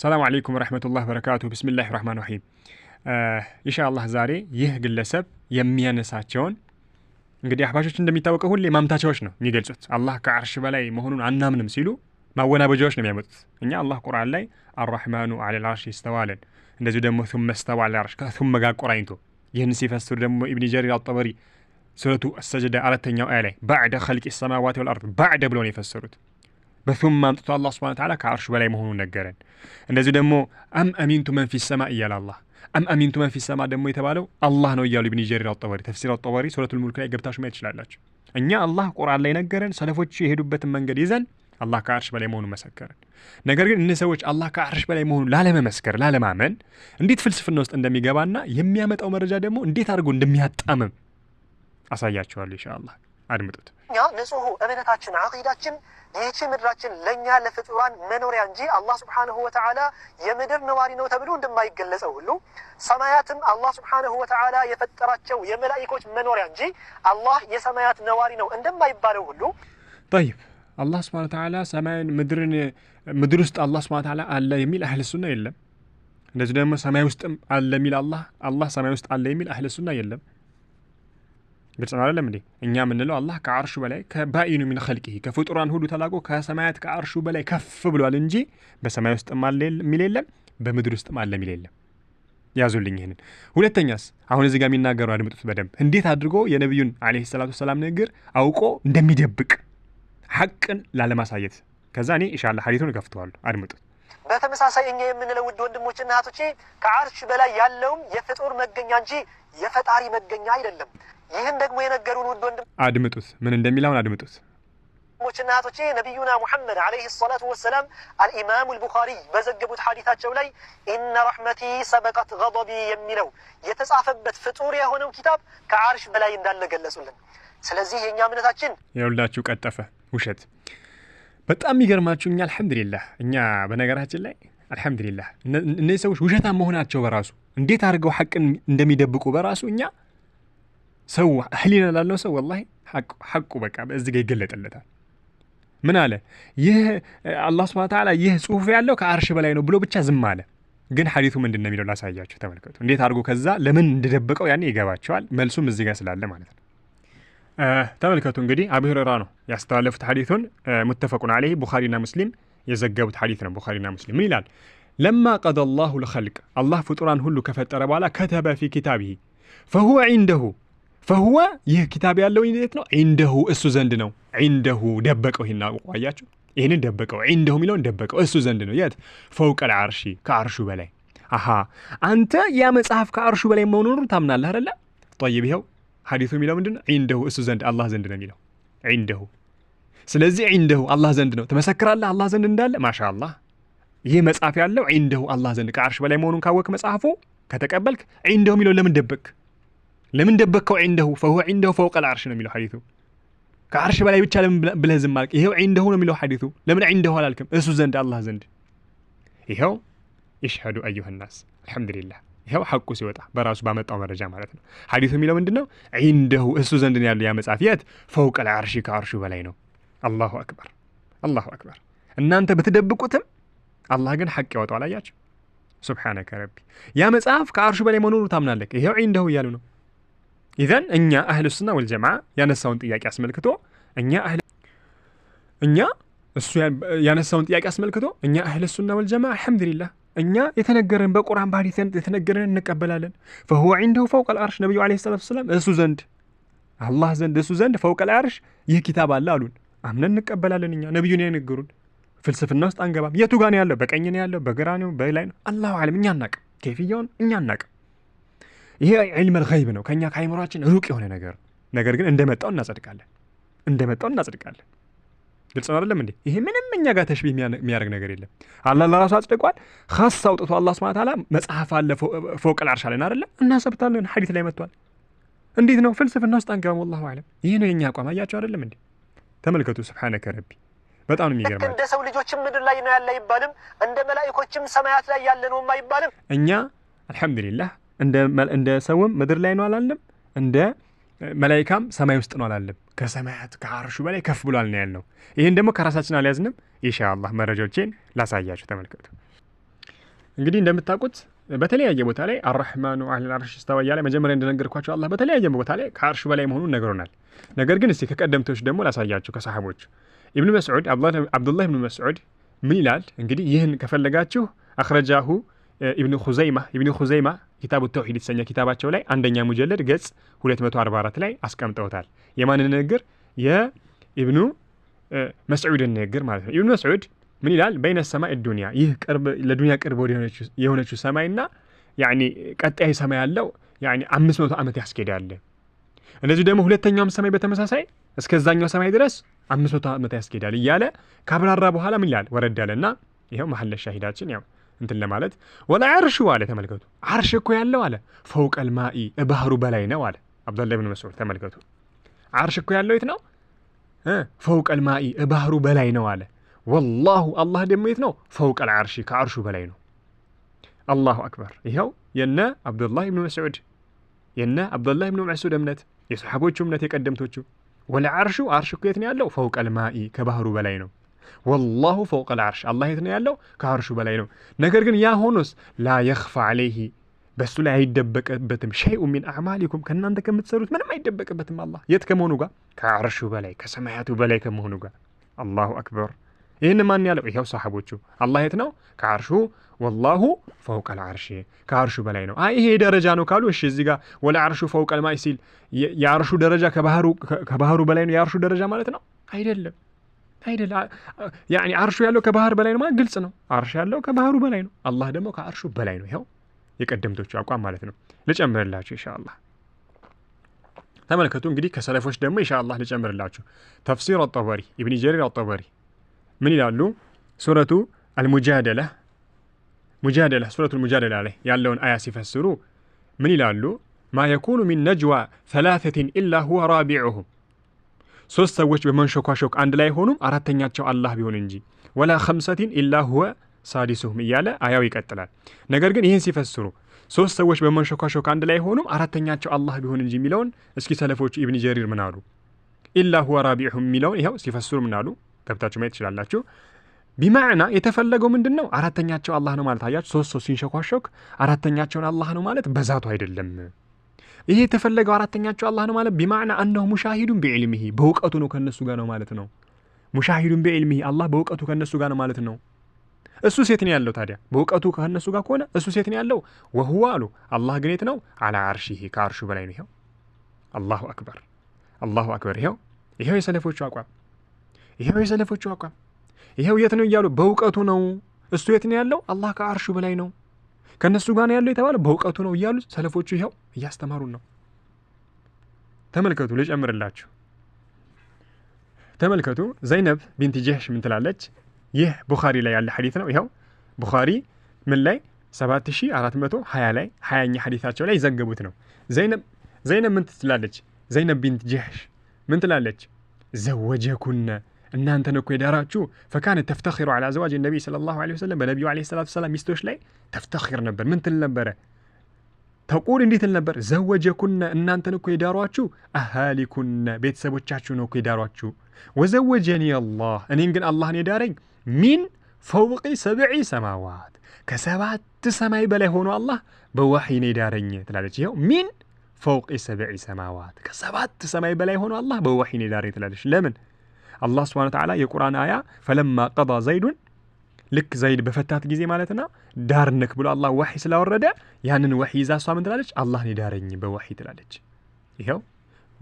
ሰላም አለይኩም ረህመቱላህ በረካቱ ብስሚላህ ራህማን ራሂም። uh, ኢንሻአላህ ዛሬ ይህ ግለሰብ የሚያነሳቸውን እንግዲህ አህባሾች እንደሚታወቀው ሁሌ ማምታቻዎች ነው የሚገልጹት። አላህ ከአርሽ በላይ መሆኑን አናምንም ሲሉ ማወናበጃዎች ነው የሚያመጡት። እኛ አላህ ቁርአን ላይ አራህማኑ አለል አርሽ ይስተዋለን፣ እንደዚሁ ደግሞ ሱመ ስተዋ አለል አርሽ ከሱመ ጋር ቆራኝቶ ይህን ሲፈስሩ ደግሞ ኢብኒ ጀሪር አጠበሪ ሱረቱ አሰጅዳ አራተኛው አያ ላይ ባዕደ ኸልቂ ሰማዋት ወልአርድ ባዕደ ብሎ ነው የፈሰሩት። በሱም አምጥቶ አላህ ስብሐነ ተዓላ ከአርሹ በላይ መሆኑን ነገረን። እንደዚሁ ደግሞ አም አሚንቱ መንፊ ሰማ እያለ አላህ አም አሚንቱ መንፊ ሰማ ደግሞ የተባለው አላህ ነው እያሉ ኢብን ጀሪር አጠበሪ ተፍሲር አጠበሪ ሱረቱል ሙልክ ላይ ገብታችሁ ማየት ትችላላችሁ። እኛ አላህ ቁርአን ላይ ነገረን፣ ሰለፎቹ የሄዱበትን መንገድ ይዘን አላህ ከአርሽ በላይ መሆኑን መሰከረን። ነገር ግን እነህ ሰዎች አላህ ከአርሽ በላይ መሆኑን ላለመመስከር ላለማመን እንዴት ፍልስፍና ውስጥ እንደሚገባና የሚያመጣው መረጃ ደግሞ እንዴት አድርጎ እንደሚያጣምም አሳያችኋለሁ ኢንሻ አድምጡት። እኛ ንጹሑ እምነታችን አቂዳችን ይህቺ ምድራችን ለእኛ ለፍጡራን መኖሪያ እንጂ አላህ ስብሓንሁ ወተዓላ የምድር ነዋሪ ነው ተብሎ እንደማይገለጸው ሁሉ ሰማያትም አላህ ስብሓንሁ ወተዓላ የፈጠራቸው የመላኢኮች መኖሪያ እንጂ አላህ የሰማያት ነዋሪ ነው እንደማይባለው ሁሉ ጠይብ አላህ ስብሓን ተዓላ ሰማይን ምድርን ምድር ውስጥ አላህ ስብሓን ተዓላ አለ የሚል አህል ሱና የለም። እንደዚህ ደግሞ ሰማይ ውስጥም አለ የሚል አላህ አላህ ሰማይ ውስጥ አለ የሚል አህል ሱና የለም። ግልጽ ነው አይደለም እንዴ? እኛ የምንለው አላህ ከአርሹ በላይ ከባኢኑ ሚን ኸልቂሂ ከፍጡራን ሁሉ ተላቆ ከሰማያት ከአርሹ በላይ ከፍ ብሏል እንጂ በሰማይ ውስጥ የሚል የለም፣ በምድር ውስጥ ማለ የሚል የለም። ያዙልኝ ይህንን። ሁለተኛስ አሁን እዚህ ጋር የሚናገሩ አድምጡት በደንብ እንዴት አድርጎ የነቢዩን ዓለይሂ ሰላቱ ሰላም ንግግር አውቆ እንደሚደብቅ ሐቅን ላለማሳየት። ከዛ እኔ ኢንሻላህ ሀዲቱን እከፍተዋለሁ። አድምጡት። በተመሳሳይ እኛ የምንለው ውድ ወንድሞችና እህቶቼ ከአርሽ በላይ ያለውም የፍጡር መገኛ እንጂ የፈጣሪ መገኛ አይደለም። ይህን ደግሞ የነገሩን ውድ ወንድም አድምጡት፣ ምን እንደሚለውን አድምጡት። ወንድሞችና እህቶቼ ነቢዩና ሙሐመድ ዓለይሂ ሰላቱ ወሰላም አልኢማሙ አልቡኻሪ በዘገቡት ሐዲታቸው ላይ ኢነ ረሕመቲ ሰበቀት ገደቢ የሚለው የተጻፈበት ፍጡር የሆነው ኪታብ ከአርሽ በላይ እንዳለ ገለጹልን። ስለዚህ የእኛ እምነታችን የሁላችሁ ቀጠፈ ውሸት። በጣም የሚገርማችሁ እኛ አልሐምዱሊላህ፣ እኛ በነገራችን ላይ አልሐምዱሊላህ እነዚህ ሰዎች ውሸታም መሆናቸው በራሱ እንዴት አድርገው ሐቅን እንደሚደብቁ በራሱ እኛ ሰው ህሊና ላለው ሰው ወላ ሐቁ በቃ እዚህ ጋ ይገለጥለታል። ምን አለ ይህ አላህ ስብሐነ ተዓላ ይህ ጽሁፍ ያለው ከአርሽ በላይ ነው ብሎ ብቻ ዝም አለ። ግን ሐዲቱ ምንድን ነው የሚለው ላሳያችሁ፣ ተመልከቱ። እንዴት አድርጎ ከዛ ለምን እንደደበቀው ያኔ ይገባቸዋል። መልሱም እዚህ ጋር ስላለ ማለት ነው። ተመልከቱ እንግዲህ አቡ ሁረይራ ነው ያስተላለፉት ሐዲቱን። ሙተፈቁን አለይህ ቡኻሪና ሙስሊም የዘገቡት ሐዲት ነው። ቡኻሪና ሙስሊም ምን ይላል? ለማ ቀደ አላሁ ልኸልቅ አላህ ፍጡራን ሁሉ ከፈጠረ በኋላ ከተበ ፊ ኪታብህ ፈሁወ ዒንደሁ ፈህወ ይህ ኪታብ ያለው እንዴት ነው? ዒንደሁ እሱ ዘንድ ነው። ዒንደሁ ደበቀው። ይህን አቋያችሁ ይህንን ደበቀው። ዒንደሁ የሚለውን ደበቀው። እሱ ዘንድ ነው። የት? ፈውቀ ዓርሺ ከአርሹ በላይ። አሃ አንተ ያ መጽሐፍ ከአርሹ በላይ መሆኑን ታምናለህ አይደለ? ጠይብ ይኸው ሐዲሱ የሚለው ምንድን ነው? ዒንደሁ እሱ ዘንድ አላህ ዘንድ ነው የሚለው ዒንደሁ። ስለዚህ ዒንደሁ አላህ ዘንድ ነው። ትመሰክራለህ አላህ ዘንድ እንዳለ። ማሻ አላህ ይህ መጽሐፍ ያለው ዒንደሁ አላህ ዘንድ ከአርሽ በላይ መሆኑን ካወቅ መጽሐፉ ከተቀበልክ ዒንደሁ የሚለው ለምን ደበቅ? ለምን ደበከው ዒንደሁ ፈሁ ዒንደሁ ፈውቀ ልዓርሽ ነው የሚለው ሐዲቱ ከዓርሽ በላይ ብቻ ለምን ብለህ ዝም አልክ? ይኸው ዒንደሁ ነው የሚለው ሓዲቱ ለምን ዒንደሁ አላልክም? እሱ ዘንድ አላህ ዘንድ ይኸው ይሽሀዱ አዩሃ ናስ አልሐምዱሊላህ ይኸው ሐቁ ሲወጣ በራሱ ባመጣው መረጃ ማለት ነው። ሓዲቱ የሚለው ምንድን ነው? ዒንደሁ እሱ ዘንድ ነው ያለው ያ መጽሐፍ። የት ፈውቀ ልዓርሺ ከአርሹ በላይ ነው። አላሁ አክበር አላሁ አክበር። እናንተ ብትደብቁትም አላህ ግን ሐቅ ያወጣው አላያቸው። ሱብሓነከ ረቢ ያ መጽሐፍ ከአርሹ በላይ መኖሩ ታምናለክ ይሄው ዒንደሁ እያሉ ነው ኢዘን እኛ አህል ሱና ወልጀማ ያነሳውን ጥያቄ አስመልክቶ እኛ አህል እኛ እሱ ያነሳውን ጥያቄ አስመልክቶ እኛ አህል ሱና ወልጀማ አልሐምዱሊላህ እኛ የተነገረን በቁርአን በሐዲስ የተነገረን እንቀበላለን። ፈሁወ ዒንደሁ ፈውቀል አርሽ ነቢዩ ዓለይሂ ሰላቱ ወሰላም እሱ ዘንድ አላህ ዘንድ እሱ ዘንድ ፈውቀል አርሽ ይህ ኪታብ አለ አሉን። አምነን እንቀበላለን። እኛ ነቢዩን ነው የነገሩን። ፍልስፍና ውስጥ አንገባም። የቱ ጋ ነው ያለው? በቀኝ ነው ያለው? በግራ ነው? በላይ ነው? አላሁ አለም። እኛ አናቅም። ኬፍያውን እኛ አናቅም። ይሄ ዕልም ገይብ ነው፣ ከእኛ ከአይምሯችን ሩቅ የሆነ ነገር። ነገር ግን እንደመጣው እናጸድቃለን፣ እንደመጣው እናጸድቃለን። ግልጽ ነው አይደለም እንዴ? ይሄ ምንም እኛ ጋር ተሽቢ የሚያደርግ ነገር የለም። አላህ ለራሱ አጽድቋል። ኻስ አውጥቶ አላህ ሱብሓነሁ ወተዓላ መጽሐፍ አለ ፎቅ አርሽ አለን አይደለ? እናሰብታለን። ሐዲት ላይ መጥቷል። እንዴት ነው ፍልስፍና ውስጥ አንገባም። ወላሁ አለም። ይህ ነው የእኛ አቋም። አያቸው አይደለም እንዴ? ተመልከቱ። ስብሓነከ ረቢ በጣም ነው እንደ ሰው ልጆችም ምድር ላይ ነው ያለ አይባልም፣ እንደ መላኢኮችም ሰማያት ላይ ያለ ነውም አይባልም። እኛ አልሐምዱሊላህ እንደ ሰውም ምድር ላይ ነው አላለም። እንደ መላይካም ሰማይ ውስጥ ነው አላለም። ከሰማያት ከአርሹ በላይ ከፍ ብሏል ነው ያልነው። ይህን ደግሞ ከራሳችን አልያዝንም። ኢንሻአላህ መረጃዎቼን ላሳያችሁ፣ ተመልከቱ። እንግዲህ እንደምታውቁት በተለያየ ቦታ ላይ አራህማኑ አለል አርሽ ስተዋ እያለ መጀመሪያ እንደነገርኳቸው አላህ በተለያየ ቦታ ላይ ከአርሹ በላይ መሆኑን ነግሮናል። ነገር ግን እስቲ ከቀደምቶች ደግሞ ላሳያችሁ፣ ከሰሓቦች ኢብኑ መስዑድ አብዱላህ ኢብኑ መስዑድ ምን ይላል? እንግዲህ ይህን ከፈለጋችሁ አክረጃሁ ኢብኑ ሁዘይማ ኢብን ሁዘይማ ኪታቡ ተውሒድ የተሰኘ ኪታባቸው ላይ አንደኛ ሙጀለድ ገጽ 244 ላይ አስቀምጠውታል። የማንን ንግግር? የኢብኑ መስዑድን ንግግር ማለት ነው። ኢብኑ መስዑድ ምን ይላል? በይነ ሰማይ እዱንያ ይህ ለዱንያ ቅርብ የሆነችው ሰማይና ያኒ ቀጣይ ሰማይ ያለው ያኒ መቶ ዓመት ያስኬዳል። እንደዚሁ ደግሞ ሁለተኛውም ሰማይ በተመሳሳይ እስከዛኛው ሰማይ ድረስ መቶ ዓመት ያስኬዳል እያለ ካብራራ በኋላ ምን ይላል? ወረድ ይኸው መሐለ ሻሂዳችን ያው እንትን ለማለት ወላ ዓርሹ አለ ተመልከቱ ዓርሽ እኮ ያለው አለ ፈውቅ አልማኢ ባህሩ በላይ ነው አለ አብዱላህ ብን መስዑድ ተመልከቱ ዓርሽ እኮ ያለው የት ነው ፈውቅ አልማኢ ባህሩ በላይ ነው አለ ወላሁ አላህ ደግሞ የት ነው ፈውቅ አልዓርሺ ከዓርሹ በላይ ነው አላሁ አክበር ይኸው የነ አብዱላህ ብን መስዑድ የነ አብዱላህ ብን መስዑድ እምነት የሰሓቦቹ እምነት የቀደምቶቹ ወለ ዓርሹ ዓርሽ እኮ የት ነው ያለው ፈውቅ አልማኢ ከባህሩ በላይ ነው ወላሁ ፈውቀል ዓርሽ አላህ የት ነው ያለው? ከአርሹ በላይ ነው። ነገር ግን ያ ሆኖስ ላ የኽፋ ዓለይሂ በእሱ ላይ አይደበቅበትም። ሸይኡ ሚን አዕማሊኩም ከእናንተ ከምትሰሩት ምንም አይደበቅበትም። አላህ የት ከመሆኑ ጋር ከአርሹ በላይ ከሰማያቱ በላይ ከመሆኑ ጋር። አላሁ አክበር። ይህን ማን ያለው? ይኸው ሰሓቦቹ። አላህ የት ነው? ከአርሹ ወላሁ ፈውቀል ዓርሽ ከአርሹ በላይ ነው። ይሄ ደረጃ ነው ካሉ እሺ፣ እዚህ ጋር ወለ አርሹ ፈውቀል ሲል የአርሹ ደረጃ ከባህሩ በላይ ነው የአርሹ ደረጃ ማለት ነው አይደለም። አይደል? ያኒ አርሹ ያለው ከባህር በላይ ነው ማለት ግልጽ ነው። አርሹ ያለው ከባህሩ በላይ ነው። አላህ ደግሞ ከአርሹ በላይ ነው። ይኸው የቀደምቶቹ አቋም ማለት ነው። ልጨምርላችሁ ኢንሻአላህ። ተመልከቱ እንግዲህ ከሰለፎች ደግሞ ኢንሻአላህ ልጨምርላችሁ። ተፍሲር አጠበሪ ኢብኒ ጀሪር አጠበሪ ምን ይላሉ? ሱረቱ አልሙጃደላ ሙጃደላ ሱረቱ አልሙጃደላ ላይ ያለውን አያ ሲፈስሩ ምን ይላሉ? ማ የኩኑ ሚን ነጅዋ ሰላሰቲን ኢላ ሁወ ራቢዑሁም ሶስት ሰዎች በመንሾኳሾክ አንድ ላይ ሆኑም አራተኛቸው አላህ ቢሆን እንጂ ወላ ከምሰቲን ኢላ ሁወ ሳዲሱሁም እያለ አያው ይቀጥላል። ነገር ግን ይህን ሲፈስሩ ሶስት ሰዎች በመንሾካሾክ አንድ ላይ ሆኑም አራተኛቸው አላህ ቢሆን እንጂ የሚለውን እስኪ ሰለፎቹ ኢብን ጀሪር ምን አሉ? ኢላ ሁወ ራቢዑሁም የሚለውን ይኸው ሲፈስሩ ምን አሉ? ገብታችሁ ማየት ትችላላችሁ። ቢማዕና የተፈለገው ምንድን ነው? አራተኛቸው አላህ ነው ማለት አያችሁ፣ ሶስት ሶስት ሲንሸኳሾክ አራተኛቸውን አላህ ነው ማለት በዛቱ አይደለም። ይህ የተፈለገው አራተኛቸው አላህ ነው ማለት ቢማዕና አነሁ ሙሻሂዱን ቢዕልሚሂ በእውቀቱ ነው ከነሱ ጋር ነው ማለት ነው። ሙሻሂዱን ቢዕልሚሂ አላህ በእውቀቱ ከነሱ ጋር ነው ማለት ነው። እሱ ሴት ነው ያለው ታዲያ በእውቀቱ ከነሱ ጋር ከሆነ እሱ ሴት ነው ያለው። ወህዋ አሉ አላህ ግን የት ነው? አላ አርሺሂ ከአርሹ በላይ ነው። ይኸው አላሁ አክበር አላሁ አክበር። ይኸው ይኸው የሰለፎቹ አቋም ይኸው የሰለፎቹ አቋም ይኸው የት ነው እያሉ በእውቀቱ ነው እሱ የት ነው ያለው? አላህ ከአርሹ በላይ ነው። ከእነሱ ጋር ያለው የተባለ በእውቀቱ ነው እያሉ ሰለፎቹ ይኸው እያስተማሩን ነው። ተመልከቱ፣ ልጨምርላችሁ። ተመልከቱ ዘይነብ ቢንት ጀህሽ ምን ትላለች? ይህ ቡኻሪ ላይ ያለ ሐዲት ነው። ይኸው ቡኻሪ ምን ላይ 7420 ላይ 20ኛ ሐዲታቸው ላይ ዘገቡት ነው። ዘይነብ ምን ትላለች? ዘይነብ ቢንት ጀህሽ ምን ትላለች? ዘወጀኩነ أنها أنت نكوي دارتشو فكانت تفتخر على زواج النبي صلى الله عليه وسلم النبي عليه الصلاة والسلام يستوش لي تفتخر نبر من تلنبر تقول إني تلنبر زوج كنا أن أنت نكوي دارتشو أهالي كنا بيت سبوتشاتشو نكوي دارتشو وزوجني الله أن ينقل الله نداري من فوق سبع سماوات كسبع تسماي بلا هون الله بوحي نداري تلالتشي من فوق سبع سماوات كسبع تسماي بلا هون الله بوحي نداري تلالتشي لمن አላህ ስብሐነ ወተዓላ የቁርአን አያ ፈለማ ቀዳ ዘይዱን ልክ ዘይድ በፈታት ጊዜ ማለትና ዳር ነክ ብሎ አላህ ዋሒ ስላወረደ ያንን ዋሒ ይዛ እሷ ምን ትላለች? አላህን ዳረኝ በዋሒ ትላለች። ይኸው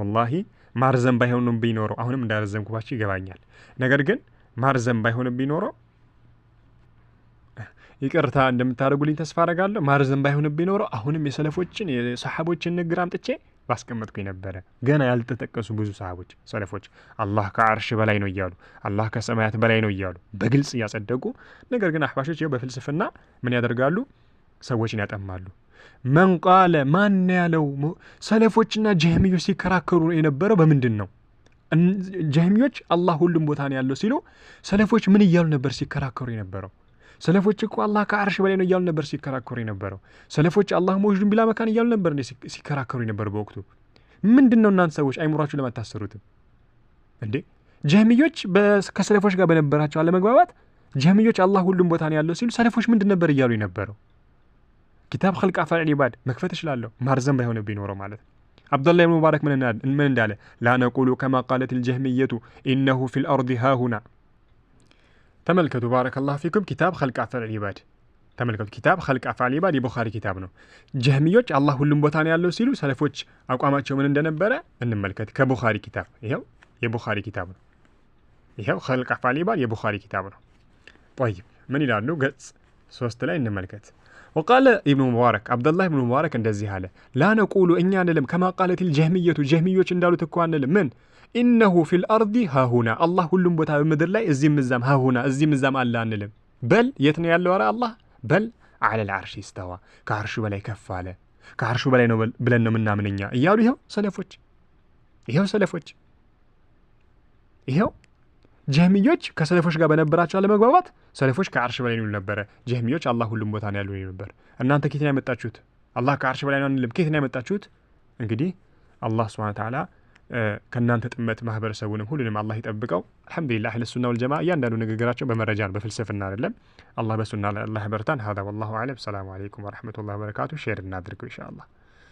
ወላሂ ማርዘም ባይሆንም ቢኖረው አሁንም እንዳረዘምኩባቸው ይገባኛል። ነገር ግን ማርዘም ባይሆንም ቢኖረው ይቅርታ እንደምታደርጉልኝ ተስፋ አረጋለሁ። ማርዘም ባይሆንም ቢኖረው አሁንም የሰለፎችን የሰሓቦችን ንግር አምጥቼ ባስቀመጥኩኝ ነበረ። ገና ያልተጠቀሱ ብዙ ሰሃቦች ሰለፎች አላህ ከአርሽ በላይ ነው እያሉ አላህ ከሰማያት በላይ ነው እያሉ በግልጽ እያጸደቁ፣ ነገር ግን አህባሾች ይኸው በፍልስፍና ምን ያደርጋሉ? ሰዎችን ያጠማሉ። መን ቃለ ማን ያለው ሰለፎችና ጀህሚዮች ሲከራከሩ የነበረው በምንድን ነው? ጀህሚዮች አላህ ሁሉም ቦታ ነው ያለው ሲሉ ሰለፎች ምን እያሉ ነበር ሲከራከሩ የነበረው? ሰለፎች እኮ አላህ ከአርሽ በላይ ነው እያሉ ነበር ሲከራከሩ የነበረው። ሰለፎች አላህ መውጁድን ቢላ መካን እያሉ ነበር ሲከራከሩ የነበሩ በወቅቱ። ምንድን ነው እናንተ ሰዎች አይምሯችሁ ለማታሰሩትም እንዴ? ጀህሚዮች ከሰለፎች ጋር በነበራቸው አለመግባባት ጀህሚዮች አላህ ሁሉም ቦታ ነው ያለው ሲሉ ሰለፎች ምንድን ነበር እያሉ የነበረው? ኪታብ ኸልቅ አፍዓል ዒባድ መክፈት እችላለሁ ማርዘም ባይሆንብኝ ቢኖረው ማለት አብዱላህ ብን ሙባረክ ምን እንዳለ ላነቁሉ ከማ ቃለት ልጀህሚየቱ ኢነሁ ፊ ልአርድ ሃሁና ተመልከቱ ባረከላሁ ፊኩም ኪታብ ኸልቅ አፍዐል ዒባድ ተመልከቱ ኪታብ ኸልቅ አፍዐል ዒባድ የቡኻሪ ኪታብ ነው። ጀህሚዮች አላህ ሁሉም ቦታ ነው ያለው ሲሉ ሰለፎች አቋማቸው ምን እንደነበረ እንመልከት። ከቡኻሪ ኪታብ ይኸው የቡኻሪ ኪታብ ነው። ይኸው ኸልቅ አፍዐል ዒባድ የቡኻሪ ኪታብ ነው። ጠይብ ምን ይላሉ? ገጽ ሶስት ላይ እንመልከት። ወቃለ ኢብኑ ሙባረክ አብደላህ ብኑ ሙባረክ እንደዚህ አለ። ላ ነቁሉ እኛ አንልም ከማቃለትል ጀህሚየቱ ጀህሚዮች እንዳሉት እኮ አንልም ምን ኢነሁ ፊል አርዲ ሀሁና አላህ ሁሉም ቦታ በምድር ላይ እዚህም እዛም ሃሁና እዚህም እዛም አለ አንልም። በል የት ነው ያለው? ኧረ አላህ በል አለል አርሽ ስተዋ ከአርሹ በላይ ከፍ አለ ከአርሹ በላይ ነው ብለን ነው የምናምንኛ እያሉ ይኸው ሰለፎች ይኸው ሰለፎች ይኸው ጀህሚዮች ከሰለፎች ጋር በነበራቸው አለመግባባት ሰለፎች ከአርሽ በላይ ነው ይሉ ነበረ። ጀህሚዮች አላህ ሁሉም ቦታ ነው ያሉ ይሉ ነበር። እናንተ ኬትን ያመጣችሁት? አላህ ከአርሽ በላይ ነው አንልም። ኬትን ያመጣችሁት? እንግዲህ አላህ ስብሃነ ተዓላ ከእናንተ ጥመት ማህበረሰቡንም ሁሉንም አላህ ይጠብቀው። አልሐምዱሊላህ አህለ ሱና ወልጀማ እያንዳንዱ ንግግራቸው በመረጃ ነው፣ በፍልስፍና አይደለም። አላህ በሱና አላህ በርታን። ሀዛ ወላሁ አለም። ሰላሙ አለይኩም ወረሕመቱላህ ወበረካቱ። ሼር እናድርገው ኢንሻ አላህ።